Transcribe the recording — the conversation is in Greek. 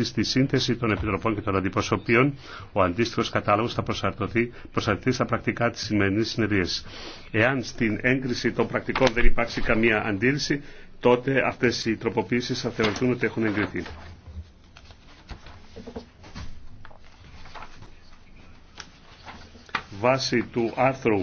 στη σύνθεση των επιτροπών και των αντιπροσωπείων, ο αντίστοιχο κατάλογο θα προσαρτηθεί στα πρακτικά τη σημερινή συνεδρία. Εάν στην έγκριση των πρακτικών δεν υπάρξει καμία αντίρρηση, τότε αυτέ οι τροποποιήσει θα θεωρηθούν ότι έχουν εγκριθεί. Βάσει του άρθρου